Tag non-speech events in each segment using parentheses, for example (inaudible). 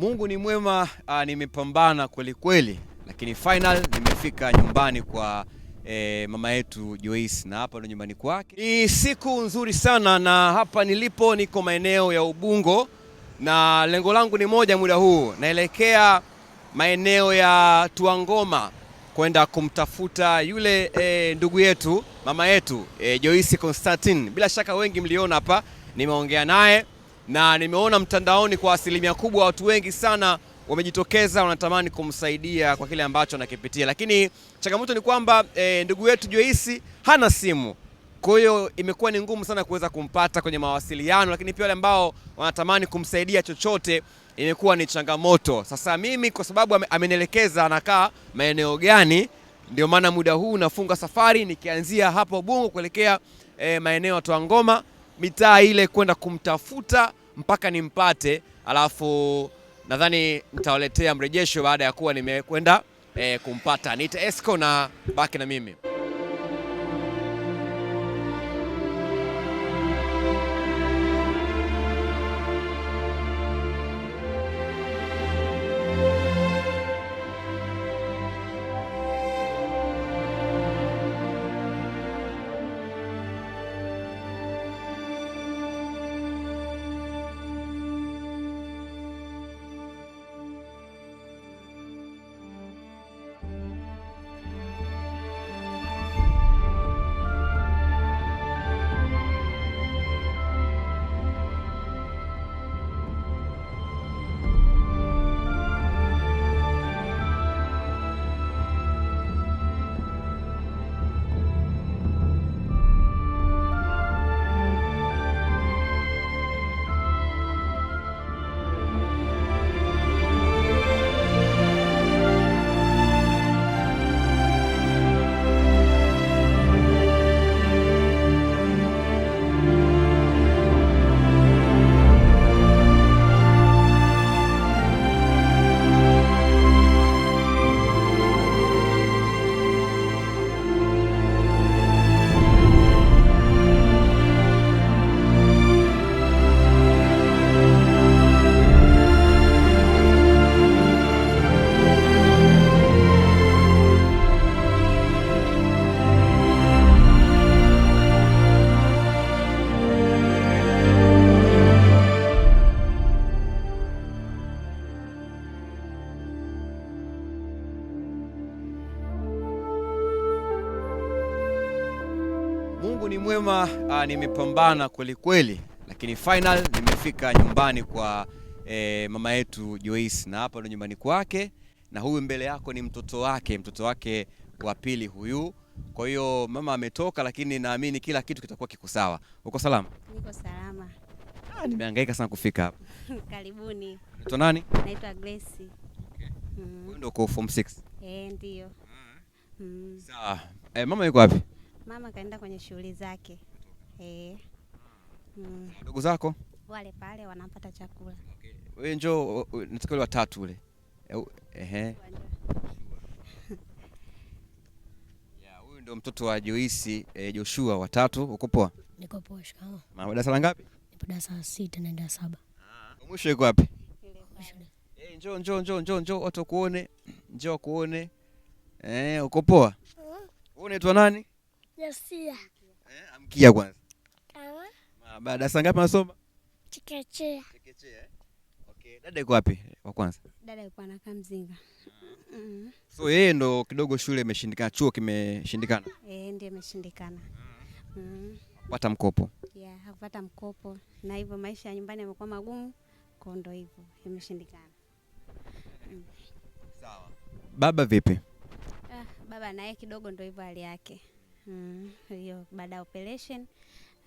Mungu ni mwema. Uh, nimepambana kweli kweli, lakini final nimefika nyumbani kwa eh, mama yetu Joyce, na hapa ndo nyumbani kwake. Ni siku nzuri sana, na hapa nilipo niko maeneo ya Ubungo, na lengo langu ni moja, muda huu naelekea maeneo ya Tuangoma kwenda kumtafuta yule eh, ndugu yetu mama yetu eh, Joyce Constantine. Bila shaka wengi mliona hapa nimeongea naye na nimeona mtandaoni kwa asilimia kubwa watu wengi sana wamejitokeza wanatamani kumsaidia kwa kile ambacho anakipitia, lakini changamoto ni kwamba e, ndugu yetu Joyce hana simu, kwa hiyo imekuwa ni ngumu sana kuweza kumpata kwenye mawasiliano, lakini pia wale ambao wanatamani kumsaidia chochote imekuwa ni changamoto. Sasa mimi kwa sababu amenielekeza anakaa maeneo gani, ndio maana muda huu nafunga safari nikianzia hapo Ubungo kuelekea e, maeneo ya Toangoma mitaa ile kwenda kumtafuta mpaka nimpate, alafu nadhani nitawaletea mrejesho baada ya kuwa nimekwenda e, kumpata. Niita Esco na baki na mimi. Kusema uh, ah, nimepambana kweli kweli, lakini final nimefika nyumbani kwa eh, mama yetu Joyce, na hapa ndo nyumbani kwake, na huyu mbele yako ni mtoto wake, mtoto wake wa pili huyu. Kwa hiyo mama ametoka, lakini naamini kila kitu kitakuwa kiko sawa. Uko salama? Niko salama. Ah, nimehangaika sana kufika hapa. (laughs) Karibuni. Unaitwa nani? Naitwa Grace. Okay. Mm. Wewe ndio kwa form 6? Eh, ndio. Mm. mm. Sawa. Eh, mama yuko wapi? mama kaenda kwenye shughuli zake. Eh. Mm. Ndugu zako wale pale wanapata chakula. Okay. Wewe njoo, nataka wale watatu ule. E, ehe. (laughs) Huyu ndio mtoto wa Joisi eh, Joshua watatu, uko poa? Niko poa. Mama, darasa la ngapi? Nipo darasa la na naenda saba. Ah. Mwisho yuko wapi? Eh, njoo njoo njoo njoo njoo watu kuone. Njoo kuone. Eh, uko poa? Mm. Unaitwa nani? Yosia. Eh, amkia kwanza. Kama? Baada saa ngapi unasoma? Chekechea. Chekechea. Eh? Okay, dada yuko wapi eh, wa kwanza? Dada yuko na Kamzinga. Mm. Mm-hmm. So yeye ndo kidogo shule imeshindikana, chuo kimeshindikana. Eh, ndio imeshindikana. Mm. Mm-hmm. Mm-hmm. Pata mkopo. Yeah, hakupata mkopo na hivyo maisha ya nyumbani yamekuwa magumu, kwa ndo hivyo imeshindikana. Mm. Sawa. Baba vipi? Ah, baba naye kidogo ndo hivyo hali yake. Mm, hiyo mm, baada ya operation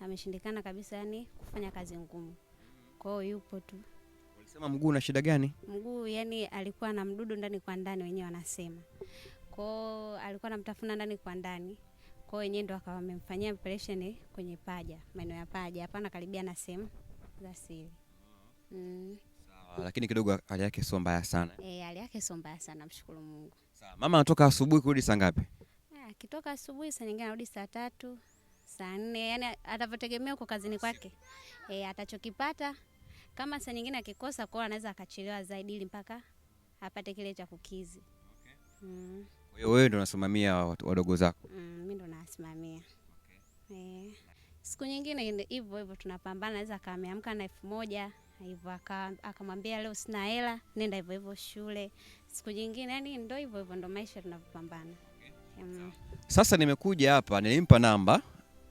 ameshindikana kabisa, yani kufanya kazi ngumu, kwa hiyo yupo tu. Ulisema mguu una shida gani? Mguu yani alikuwa na mdudu ndani kwa ndani, wenyewe wanasema kwao, alikuwa anamtafuna ndani kwa ndani kwao, wenyewe ndo akawa wamemfanyia operation eh, kwenye paja, maeneo ya paja, hapana karibia na sehemu za siri mm. Sawa, lakini kidogo hali yake sio mbaya sana. Eh, hali yake sio mbaya sana, mshukuru Mungu. Sawa, mama anatoka asubuhi kurudi saa ngapi? akitoka asubuhi, saa nyingine anarudi saa tatu saa nne, yani atavyotegemea huko kazini kwake e, atachokipata. Kama saa nyingine akikosa kwao, anaweza akachelewa zaidi ili mpaka apate kile cha kukizi. Okay. Mm. Wewe ndo unasimamia wadogo zako? Mm, mimi ndo nasimamia. Okay. E. Siku nyingine hivyo hivyo tunapambana, anaweza akameamka na elfu moja hivyo akamwambia leo sina hela, nenda hivyo hivyo shule. Siku nyingine yani ndo hivyo hivyo, ndo maisha tunavyopambana. Sasa nimekuja hapa, nilimpa namba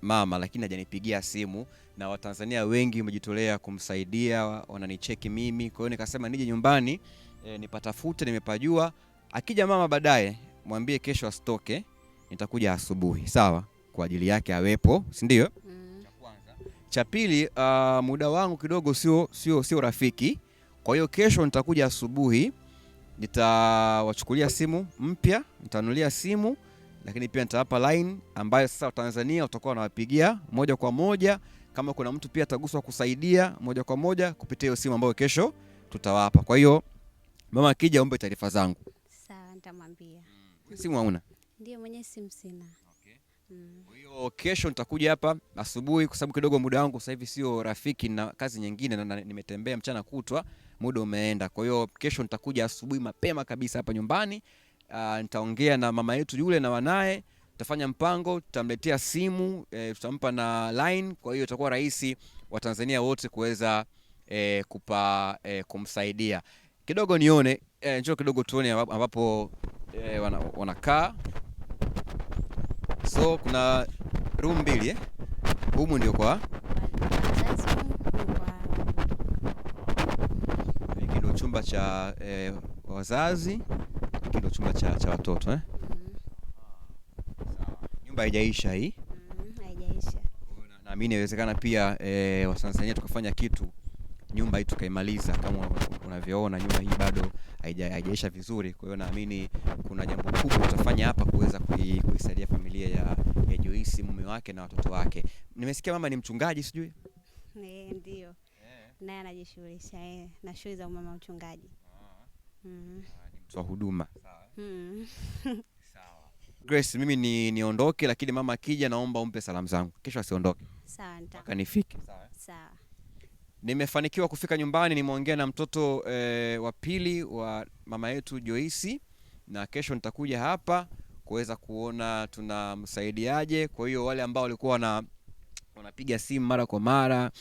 mama, lakini hajanipigia simu, na Watanzania wengi wamejitolea kumsaidia, wananicheki mimi. Kwa hiyo nikasema nije nyumbani e, nipatafute, nimepajua. Akija mama baadaye mwambie kesho asitoke, nitakuja asubuhi, sawa, kwa ajili yake awepo, si ndio? Mm. Cha pili, uh, muda wangu kidogo sio sio sio rafiki, kwa hiyo kesho nitakuja asubuhi, nitawachukulia simu mpya, nitanulia simu lakini pia nitawapa line ambayo sasa Watanzania watakuwa wanawapigia moja kwa moja. Kama kuna mtu pia ataguswa kusaidia moja kwa moja kupitia hiyo simu ambayo kesho tutawapa. Kwa hiyo mama akija, ombe taarifa zangu, sawa? Nitamwambia. Simu hauna? Ndio, mwenye simu sina. Mm. Kwa hiyo kesho nitakuja hapa asubuhi, kwa sababu kidogo muda wangu sasa hivi sio rafiki na kazi nyingine, na nimetembea mchana kutwa, muda umeenda. Kwa hiyo kesho nitakuja asubuhi mapema kabisa hapa nyumbani Ah, nitaongea na mama yetu yule na wanaye, tutafanya mpango, tutamletea simu e, tutampa na line. Kwa hiyo itakuwa rahisi Watanzania wote kuweza e, kupa e, kumsaidia kidogo. Nione e, njoo kidogo tuone ambapo e, wanakaa so kuna room mbili eh? Humu ndio kwa hiki chumba cha e, wazazi hiki ndio chumba cha, cha watoto eh? mm. nyumba haijaisha hii mm, haijaisha. Naamini inawezekana pia eh, Watanzania tukafanya kitu nyumba hii tukaimaliza, kama unavyoona nyumba hii bado haijaisha vizuri. Kwa hiyo naamini kuna jambo kubwa tutafanya hapa kuweza kuisaidia familia ya, ya Joyce, mume wake na watoto wake. Nimesikia mama ni mchungaji, sijui ndio eh. naye anajishughulisha na shughuli za umama mchungaji. mm za huduma. Hmm. (laughs) Grace, mimi ni niondoke, lakini mama akija, naomba umpe salamu zangu, kesho asiondoke mpaka nifike. Sawa. Nimefanikiwa kufika nyumbani, nimeongea na mtoto e, wa pili wa mama yetu Joyce, na kesho nitakuja hapa kuweza kuona tunamsaidiaje. Kwa hiyo wale ambao walikuwa wana, wanapiga simu mara kwa mara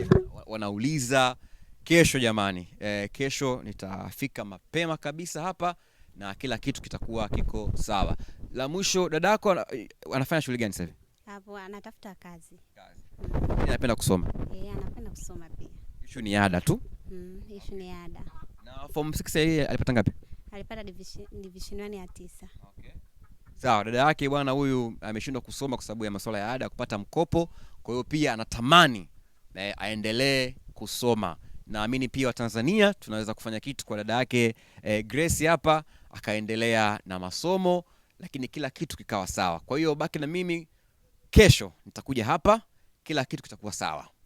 e, wanauliza Kesho jamani, e, kesho nitafika mapema kabisa hapa na kila kitu kitakuwa kiko sawa. La mwisho, dadako eh, anafanya shughuli gani sasa hivi? Hapo anatafuta kazi. Kazi. Mm. Anapenda kusoma. Eh, anapenda kusoma pia. Issue ni ada tu. Mm, issue ni ada. Na form 6 yeye alipata ngapi? Alipata division division 1 ya 9. Okay. Sawa, dada yake bwana huyu ameshindwa kusoma kwa sababu ya masuala ya ada kupata mkopo, kwa hiyo pia anatamani eh, aendelee kusoma naamini pia Watanzania tunaweza kufanya kitu kwa dada yake eh, Grace hapa, akaendelea na masomo, lakini kila kitu kikawa sawa. Kwa hiyo baki na mimi, kesho nitakuja hapa, kila kitu kitakuwa sawa.